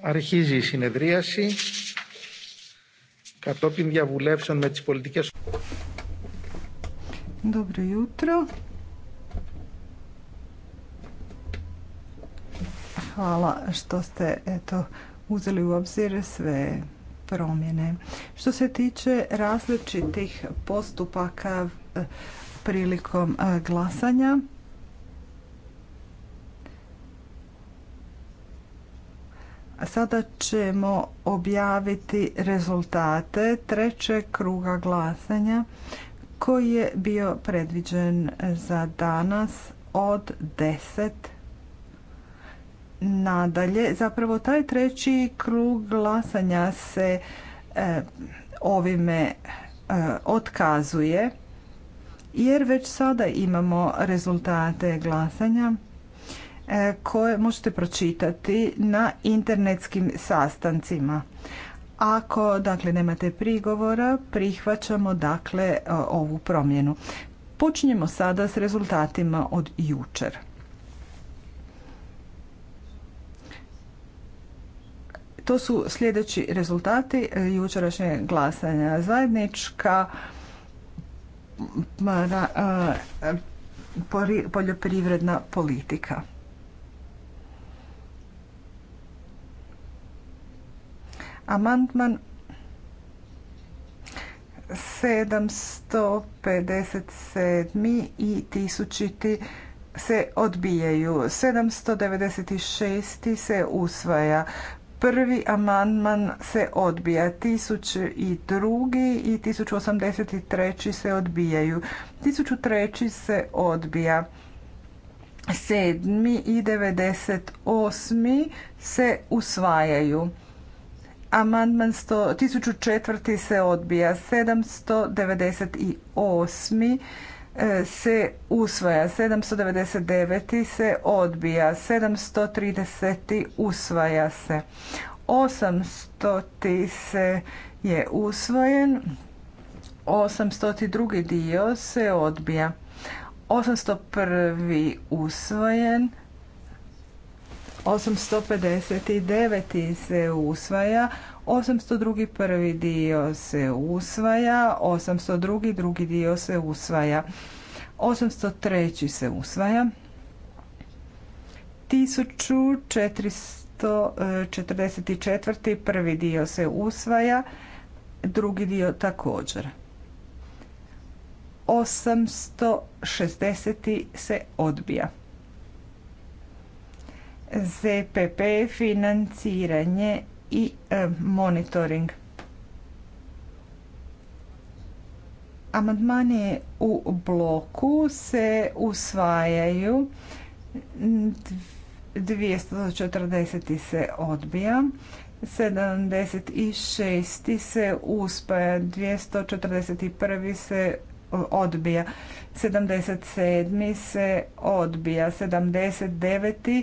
Αρχίζει η συνεδρίαση κατόπιν διαβουλεύσεων με τις πολιτικές... Dobro jutro. Hvala što ste eto, uzeli u obzir sve promjene. Što se tiče različitih postupaka e, prilikom e, glasanja, Sada ćemo objaviti rezultate trećeg kruga glasanja koji je bio predviđen za danas od 10 nadalje. Zapravo taj treći krug glasanja se e, ovime e, otkazuje jer već sada imamo rezultate glasanja koje možete pročitati na internetskim sastancima. Ako dakle nemate prigovora, prihvaćamo dakle ovu promjenu. Počinjemo sada s rezultatima od jučer. To su sljedeći rezultati e, jučerašnje glasanja. Zajednička e, poljoprivredna politika. Amandman 757. i 1000. se odbijaju. 796. se usvaja. Prvi amandman se odbija, 1002. i 1083. se odbijaju. 1003. se odbija. 7. i 98. se usvajaju. Amandman 1004. se odbija, 798. E, se usvaja, 799. se odbija, 730. usvaja se, 800. se je usvojen, 802. dio se odbija, 801. usvojen, 859. se usvaja, 802. prvi dio se usvaja, 802. drugi dio se usvaja, 803. se usvaja, 1444. prvi dio se usvaja, drugi dio također. 860. se odbija. ZPP, financiranje i e, monitoring. Amandmani u bloku se usvajaju 240. se odbija, 76. se uspaja, 241. E, se odbija, 77. se odbija, 79.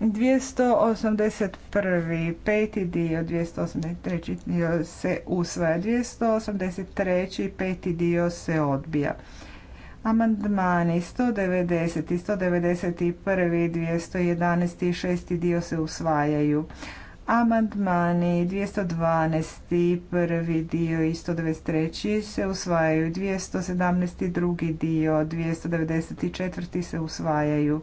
281. peti dio, 283. dio se usvaja, 283. peti dio se odbija. Amandmani 190. i 191. 211. i 6. dio se usvajaju. Amandmani 212. prvi dio i 193. se usvajaju. 217. drugi dio, 294. se usvajaju.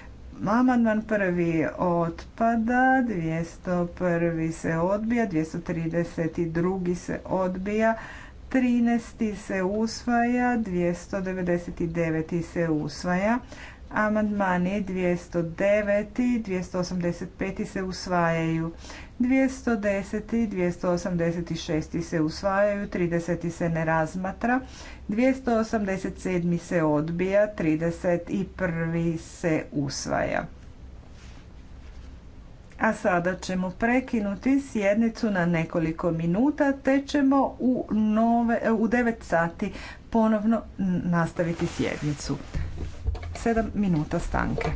Amandman prvi otpada, 201. se odbija, 232. se odbija, 13. se usvaja, 299. se usvaja, amandmani 209. i 285. se usvajaju, 210. i 286. se usvajaju, 30. se ne razmatra, 287. se odbija, 31. se usvaja. A sada ćemo prekinuti sjednicu na nekoliko minuta te ćemo u, nove, u 9 sati ponovno nastaviti sjednicu. 7 minuta stanke.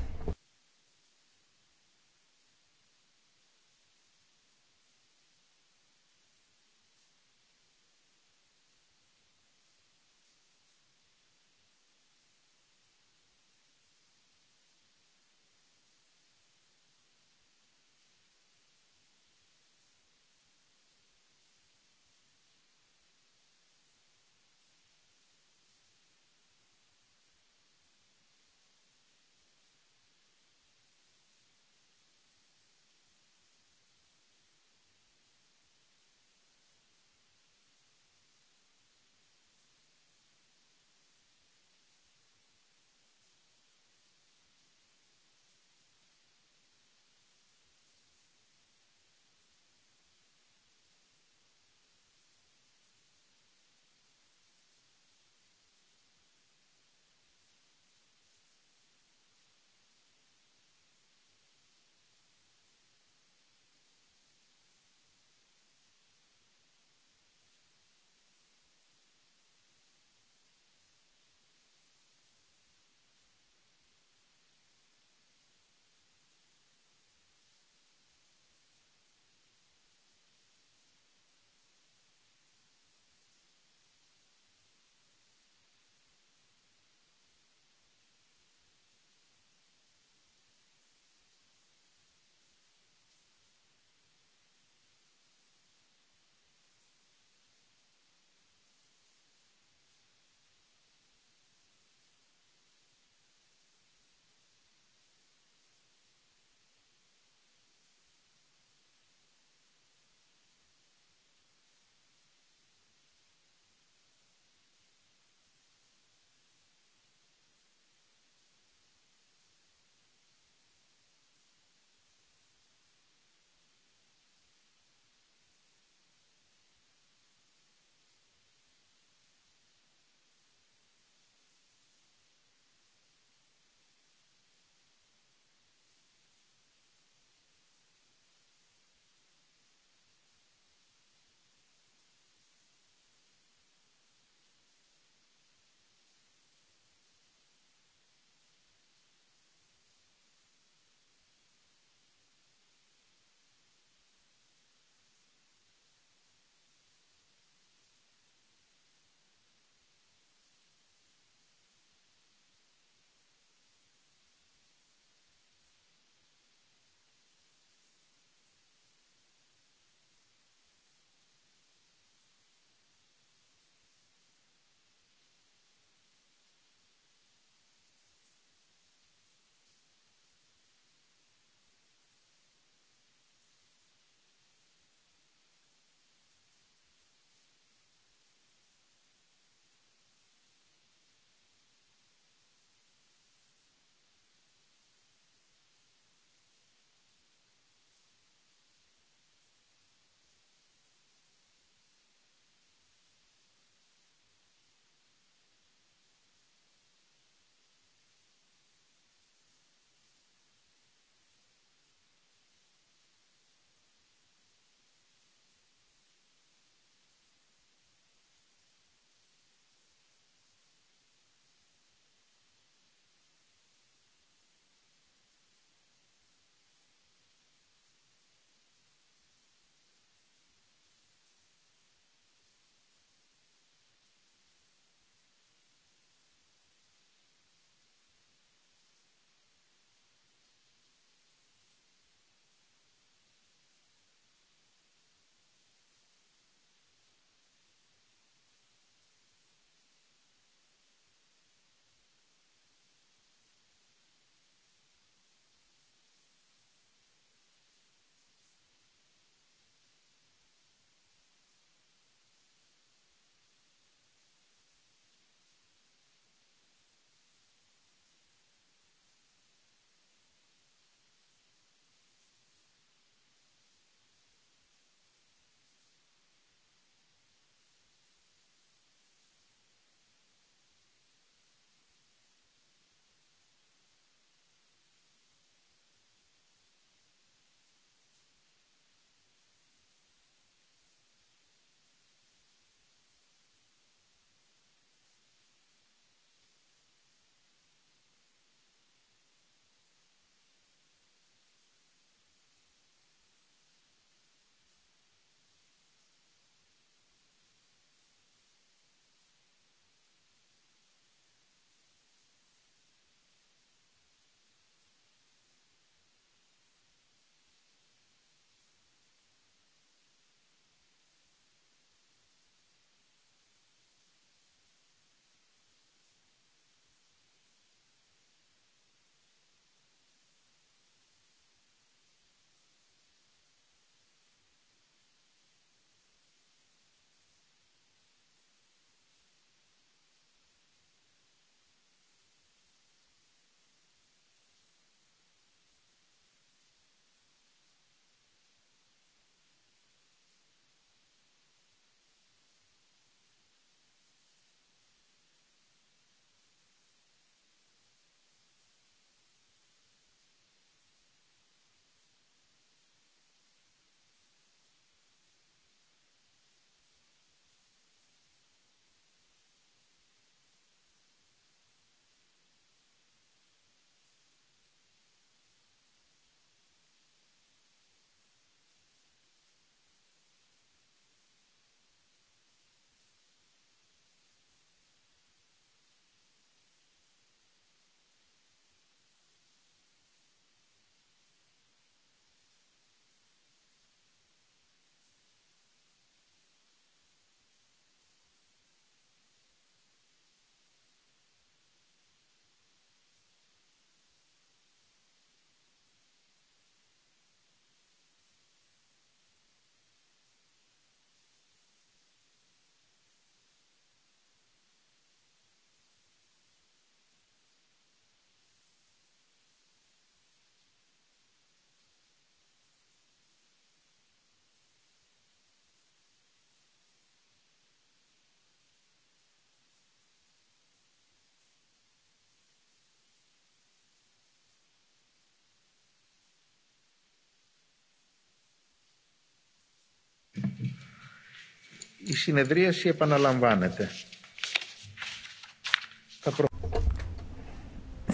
Η συνεδρίαση επαναλαμβάνεται.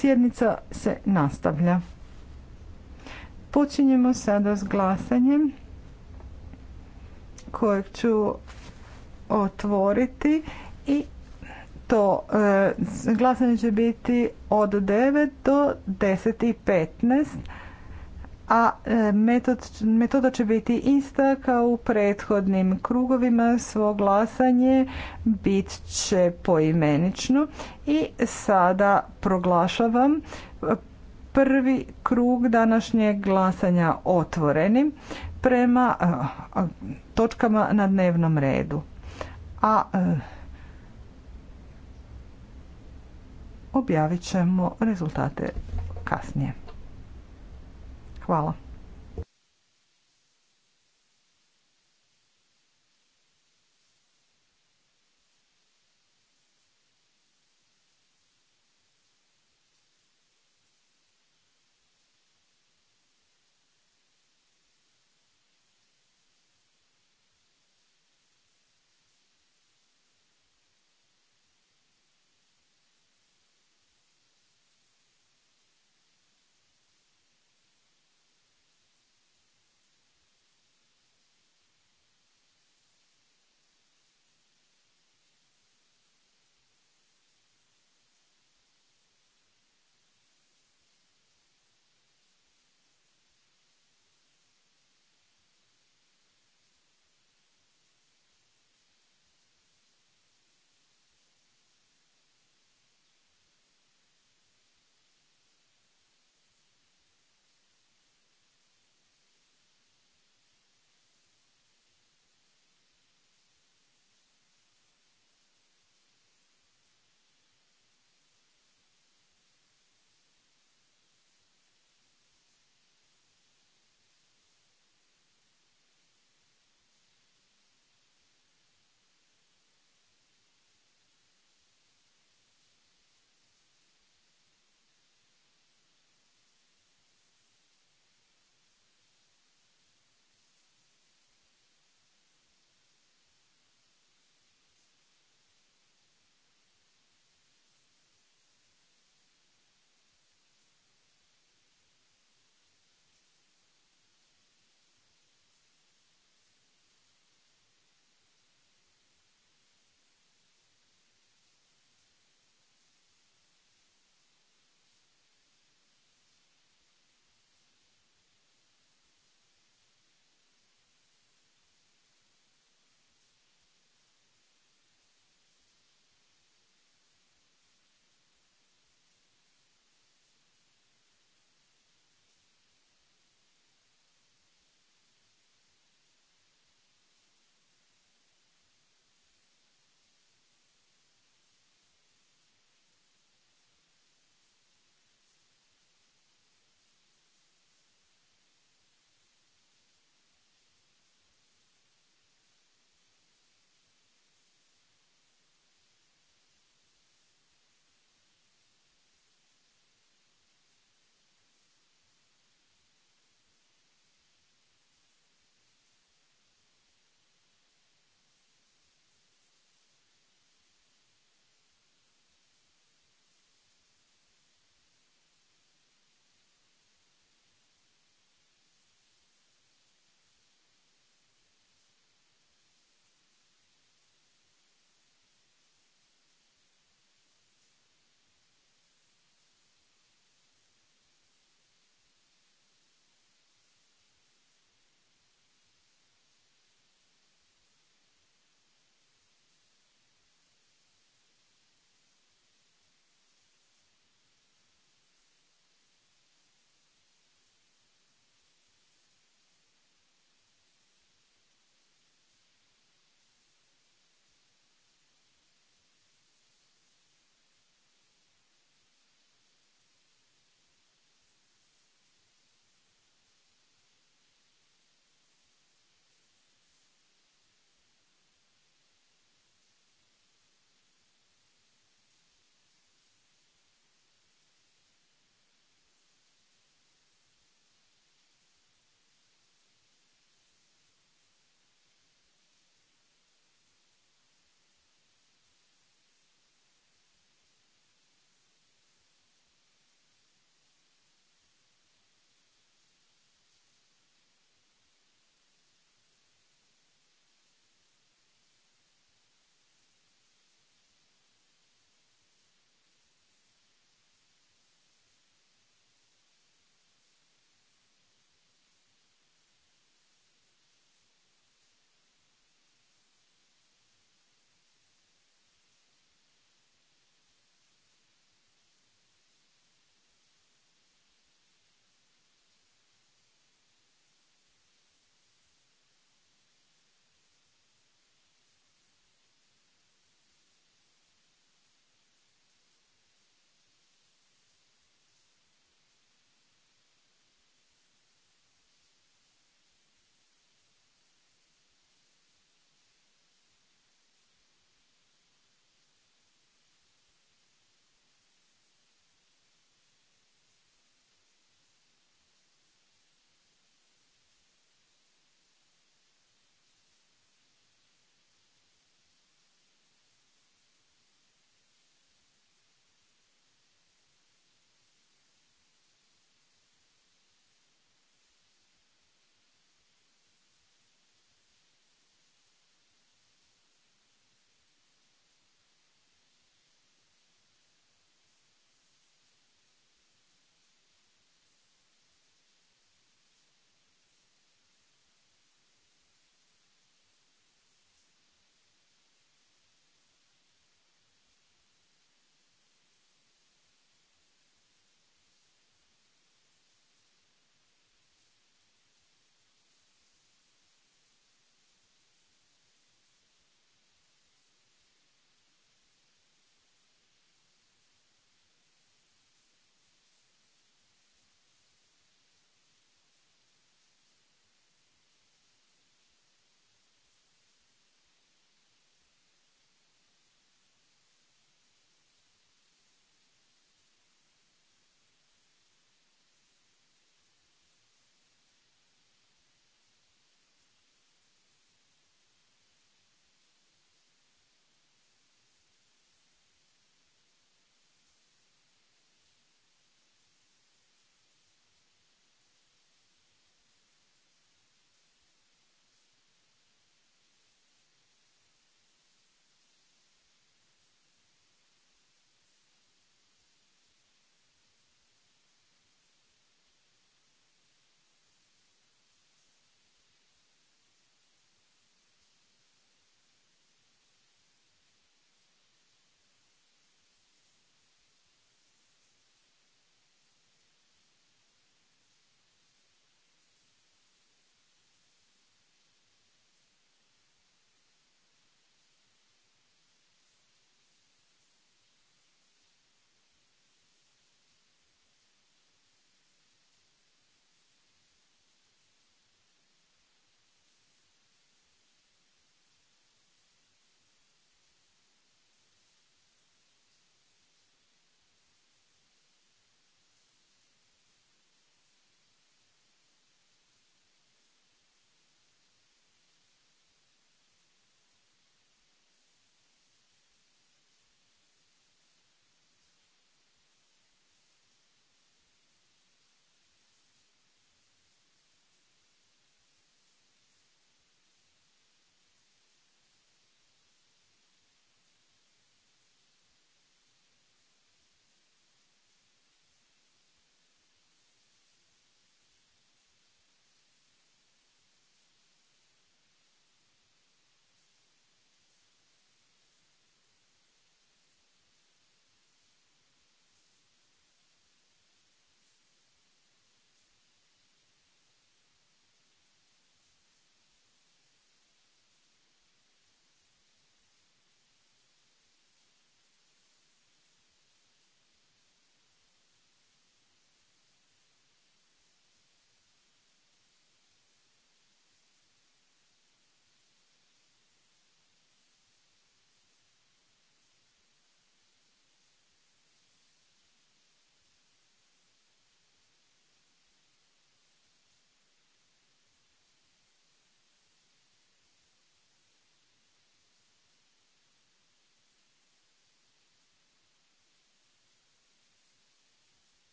Sjednica se nastavlja. Počinjemo sada s glasanjem kojeg ću otvoriti i to e, glasanje će biti od 9 do 10 i 15 a e, metoda će biti ista kao u prethodnim krugovima. Svo glasanje bit će poimenično i sada proglašavam prvi krug današnjeg glasanja otvorenim prema e, točkama na dnevnom redu. A e, objavit ćemo rezultate kasnije. Hvala.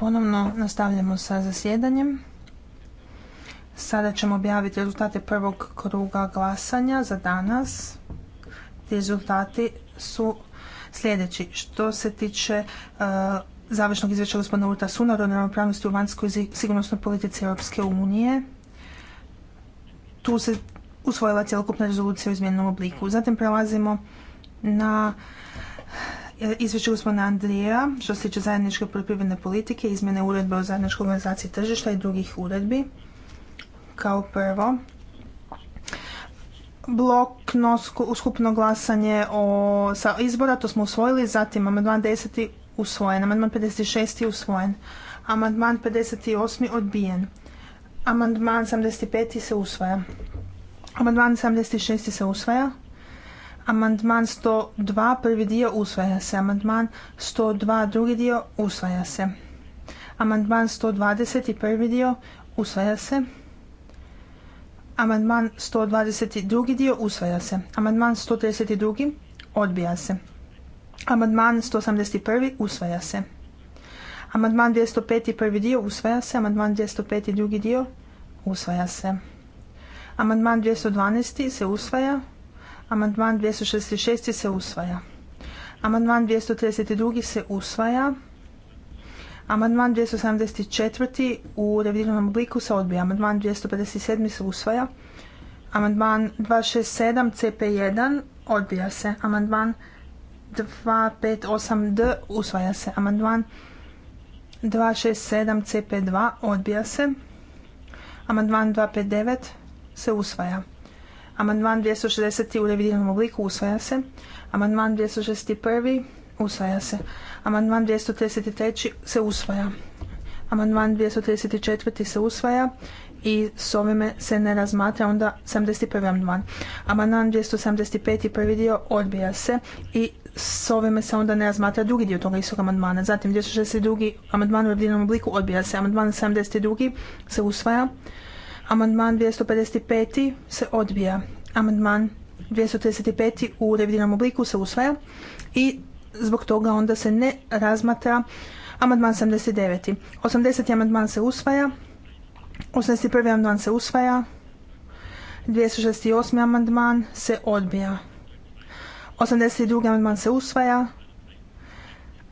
Ponovno nastavljamo sa zasjedanjem. Sada ćemo objaviti rezultate prvog kruga glasanja za danas. rezultati su sljedeći. Što se tiče uh, završnog izvješća gospodina Urta Sunar o ravnopravnosti u vanjskoj sigurnosnoj politici Europske unije, tu se usvojila cjelokupna rezolucija u izmijenjenom obliku. Zatim prelazimo na e, izvješću gospodina Andrija što se tiče zajedničke poljoprivredne politike, izmjene uredbe o zajedničkoj organizaciji tržišta i drugih uredbi. Kao prvo, blokno skupno glasanje o, sa izbora, to smo usvojili, zatim amandman 10. usvojen, amandman 56. usvojen, amandman 58. odbijen, amandman 75. se usvaja, amandman 76. se usvaja, Amandman 102, prvi dio usvaja se. Amandman 102, drugi dio usvaja se. Amandman 120, prvi dio usvaja se. Amandman 122. dio usvaja se. Amandman 132. odbija se. Amandman 181. usvaja se. Amandman 205. prvi dio usvaja se. Amandman 205. drugi dio usvaja se. Amandman 212. se usvaja. Amandman 266. se usvaja. Amandman 232. se usvaja. Amandman 274. u revidiranom obliku se odbija. Amandman 257. se usvaja. Amandman 267. CP1 odbija se. Amandman 258D usvaja se. Amandman 267 CP2 odbija se. Amandman 259 se usvaja. Amandman 260. u revidiranom obliku usvaja se. Amandman 261. usvaja se. Amandman 233. se usvaja. Amandman 234. se usvaja i s ovime se ne razmatra onda 71. amandman. Amandman 275. prvi dio odbija se i s ovime se onda ne razmatra drugi dio toga istog amandmana. Zatim 262. amandman u revidiranom obliku odbija se. Amandman 72. se usvaja. Amandman 255. se odbija. Amandman 235. u revidiranom obliku se usvaja i zbog toga onda se ne razmatra amandman 79. 80. amandman se usvaja. 81. amandman se usvaja. 268. amandman se odbija. 82. amandman se usvaja.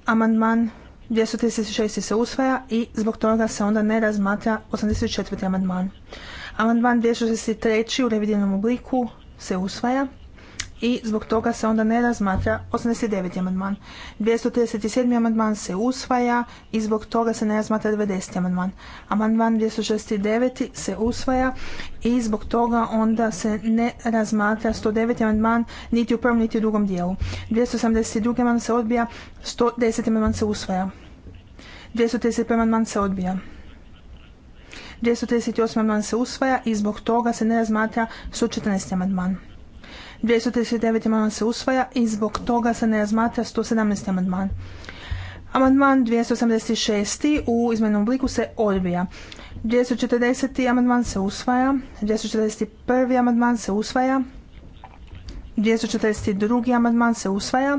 Amandman 236. se usvaja i zbog toga se onda ne razmatra 84. amandman. Amandman 263. u revidiranom obliku se usvaja i zbog toga se onda ne razmatra 89. amandman. 237. amandman se usvaja i zbog toga se ne razmatra 90. amandman. Amandman 269. se usvaja i zbog toga onda se ne razmatra 109. amandman niti u prvom niti u drugom dijelu. 282. amandman se odbija, 110. amandman se usvaja. 235. amandman se odbija. 238. amandman se usvaja i zbog toga se ne razmatra 114. amandman. 239 amandman se usvaja i zbog toga se ne razmatra 117. amandman. Amandman 286. u izmenom obliku se odbija. 240. amandman se usvaja. 241. amandman se usvaja. 242. amandman se usvaja.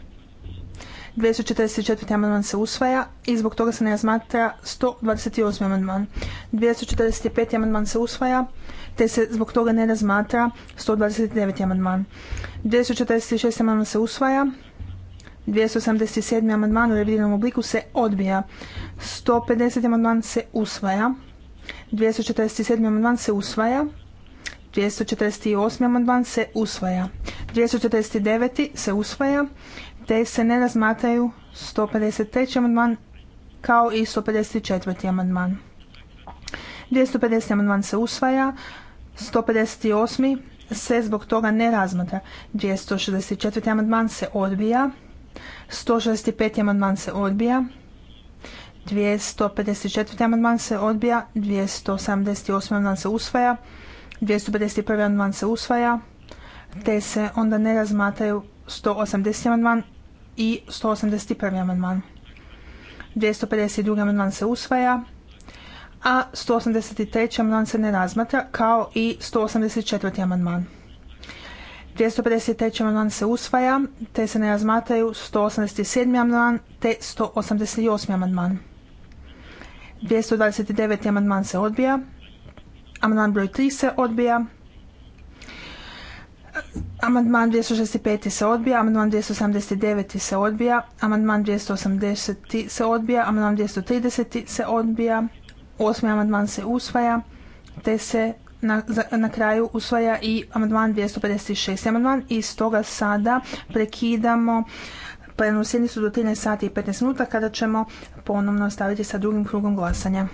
244. amandman se usvaja i zbog toga se ne razmatra 128. amandman. 245. amandman se usvaja te se zbog toga ne razmatra 129. amandman. 246. amandman se usvaja 287. amandman u revidiranom obliku se odbija. 150. amandman se usvaja. 247. amandman se usvaja. 248. amandman se usvaja. 249. se usvaja te se ne razmatraju 153. amandman kao i 154. amandman. 250. amandman se usvaja, 158. se zbog toga ne razmatra. 264. amandman se odbija, 165. amandman se odbija, 254. amandman se odbija, 278. amandman se usvaja, 251. amandman se usvaja, te se onda ne razmatraju 180. amandman i 181. amandman. 252. amandman se usvaja, a 183. amandman se ne razmatra, kao i 184. amandman. 253. amandman se usvaja, te se ne razmatraju 187. amandman te 188. amandman. 229. amandman se odbija, amandman broj 3 se odbija, Amandman 265. se odbija, amandman 279. se odbija, amandman 280. se odbija, amandman 230. se odbija, osmi amandman se usvaja, te se na, kraju usvaja i amandman 256. amandman i stoga sada prekidamo plenarnu sjednicu do 13 sati i 15 minuta kada ćemo ponovno staviti sa drugim krugom glasanja.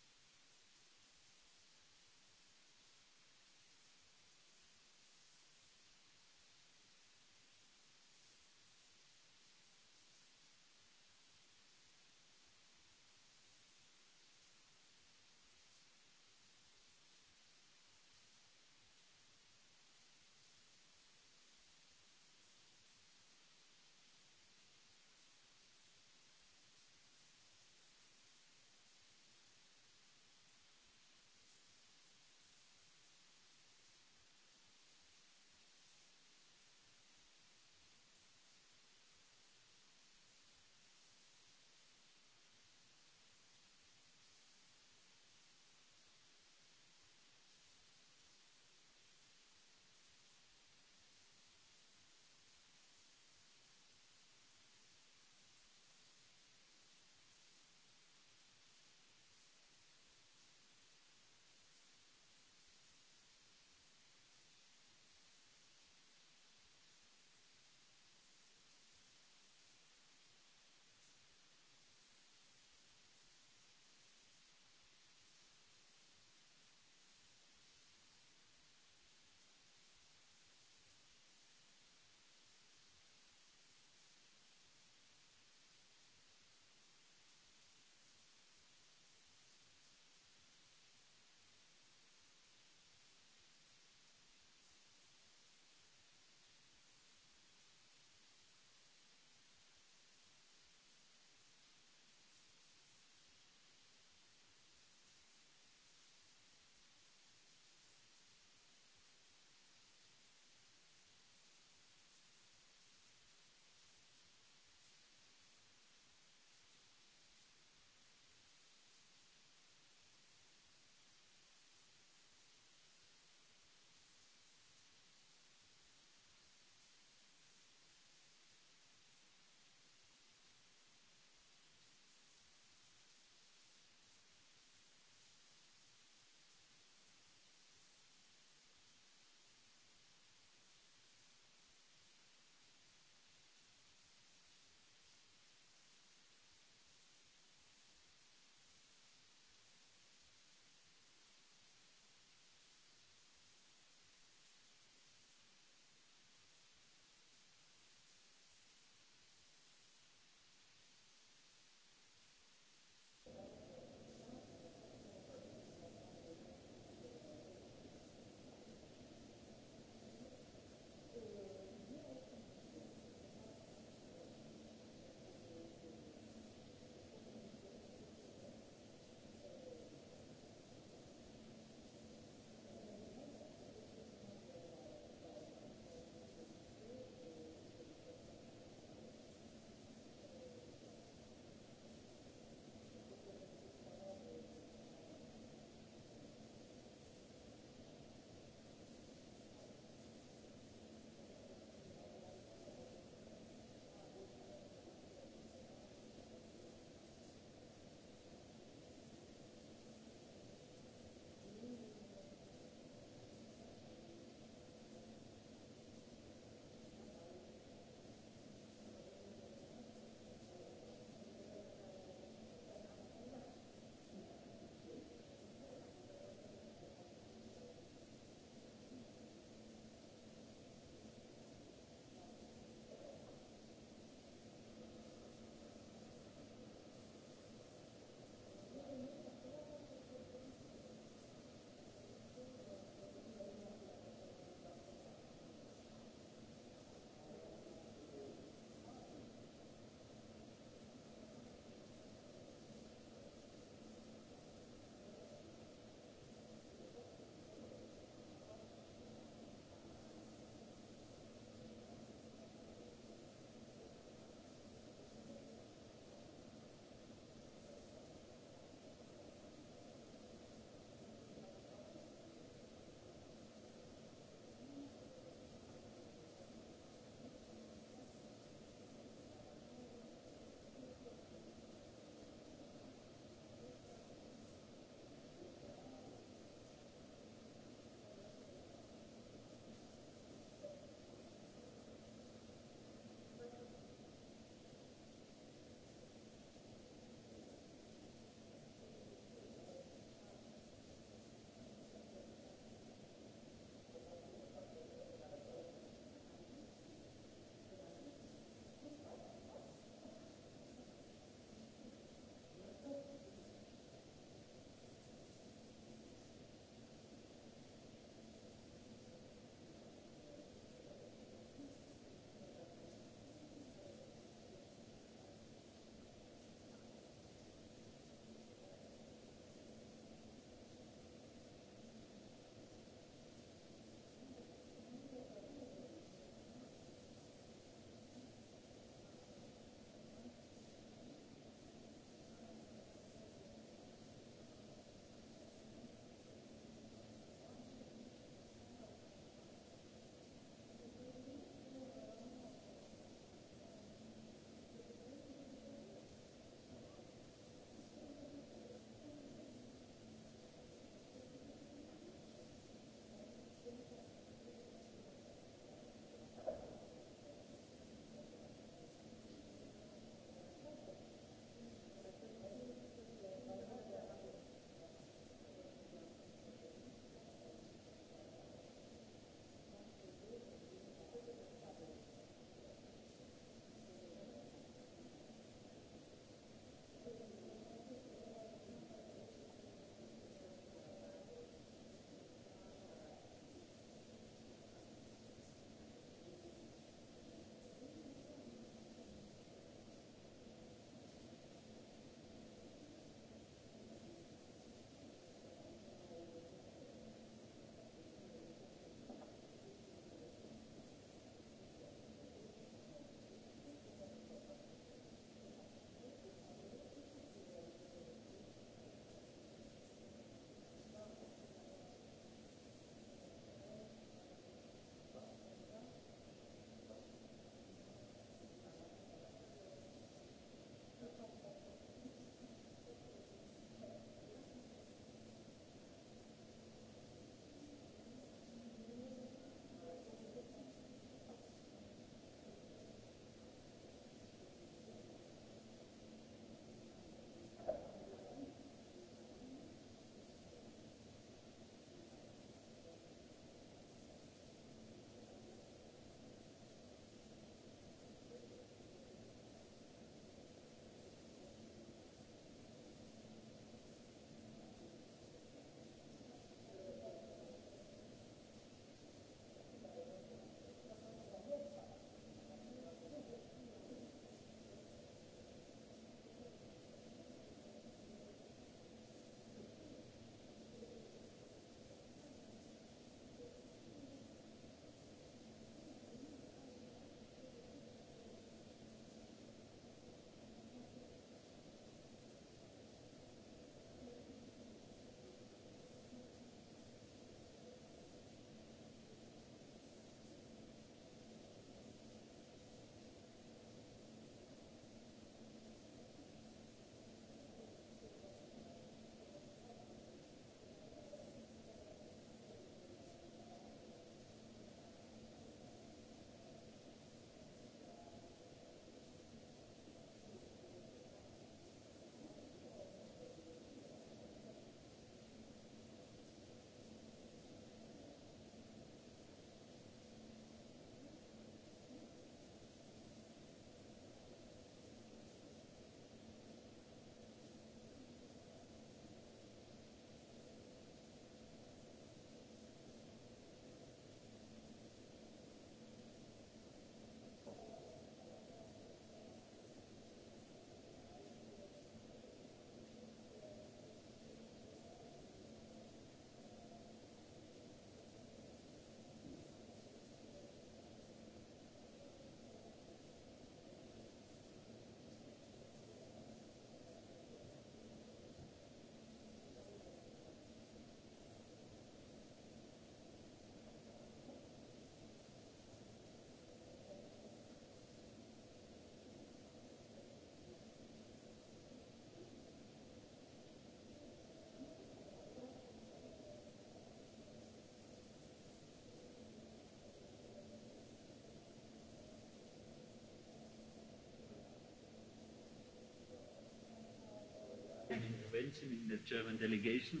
intervention in the German delegation.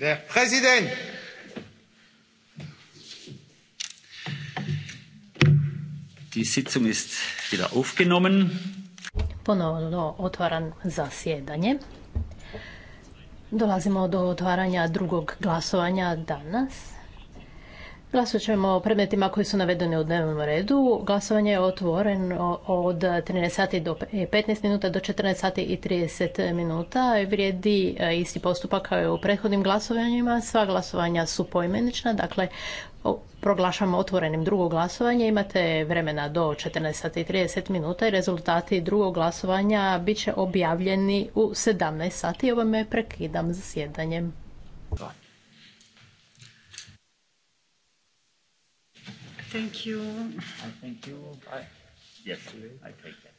Der Präsident! Die Sitzung ist wieder aufgenommen. Ponovno otvaram zasjedanje. Dolazimo do otvaranja drugog glasovanja danas. Glasovat ćemo o predmetima koji su navedeni u dnevnom redu. Glasovanje je otvoreno od 13 sati do 15 e, minuta do 14 sati i 30 minuta. Vrijedi e, isti postupak kao i u prethodnim glasovanjima. Sva glasovanja su poimenična, dakle proglašamo otvorenim drugo glasovanje. Imate vremena do 14 sati i 30 minuta i rezultati drugog glasovanja bit će objavljeni u 17 sati. Ovo me prekidam zasjedanjem. Thank you. I thank you. I, yes, I take that.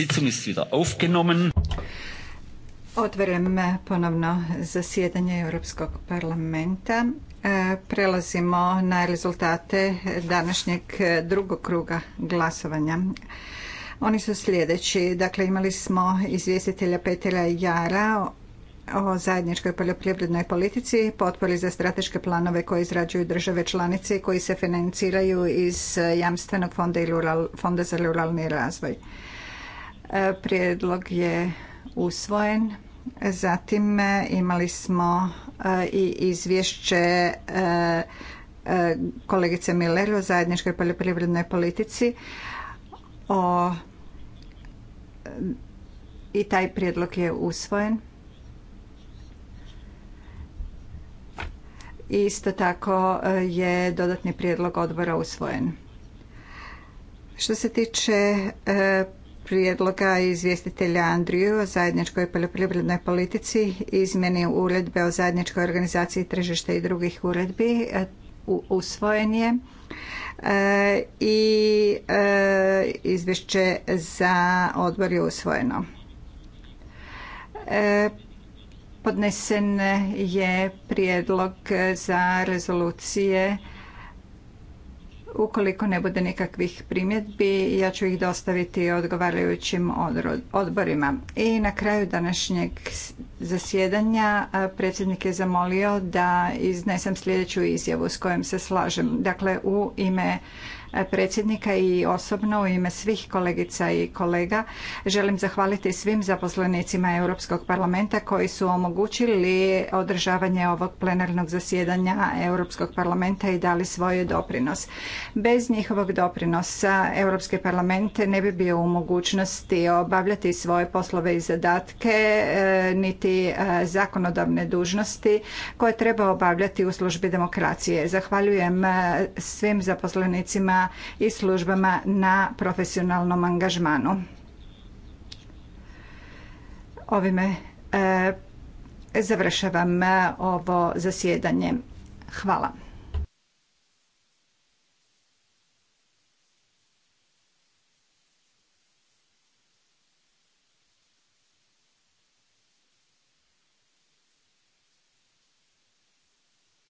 Sitzung Otvaram eh, ponovno zasjedanje Europskog parlamenta. Eh, prelazimo na rezultate današnjeg eh, drugog kruga glasovanja. Oni su sljedeći. Dakle, imali smo izvjestitelja Petera Jara o zajedničkoj poljoprivrednoj politici, potpori za strateške planove koje izrađuju države članice i koji se financiraju iz Jamstvenog fonda Fonda za ruralni razvoj. Prijedlog je usvojen. Zatim e, imali smo e, i izvješće e, kolegice Miller o zajedničkoj poljoprivrednoj politici o i taj prijedlog je usvojen. Isto tako je dodatni prijedlog odbora usvojen. Što se tiče prijedloga izvjestitelja Andriju o zajedničkoj poljoprivrednoj politici, izmjeni uredbe o zajedničkoj organizaciji tržišta i drugih uredbi e, usvojen je e, i e, izvješće za odbor je usvojeno. Podnesen je prijedlog za rezolucije Ukoliko ne bude nikakvih primjedbi, ja ću ih dostaviti odgovarajućim odborima. I na kraju današnjeg zasjedanja predsjednik je zamolio da iznesem sljedeću izjavu s kojom se slažem. Dakle, u ime predsjednika i osobno u ime svih kolegica i kolega želim zahvaliti svim zaposlenicima Europskog parlamenta koji su omogućili održavanje ovog plenarnog zasjedanja Europskog parlamenta i dali svoj doprinos. Bez njihovog doprinosa Europski parlament ne bi bio u mogućnosti obavljati svoje poslove i zadatke e, niti e, zakonodavne dužnosti koje treba obavljati u službi demokracije. Zahvaljujem e, svim zaposlenicima i službama na profesionalnom angažmanu. Ovime e, završavam e, ovo zasjedanje. Hvala.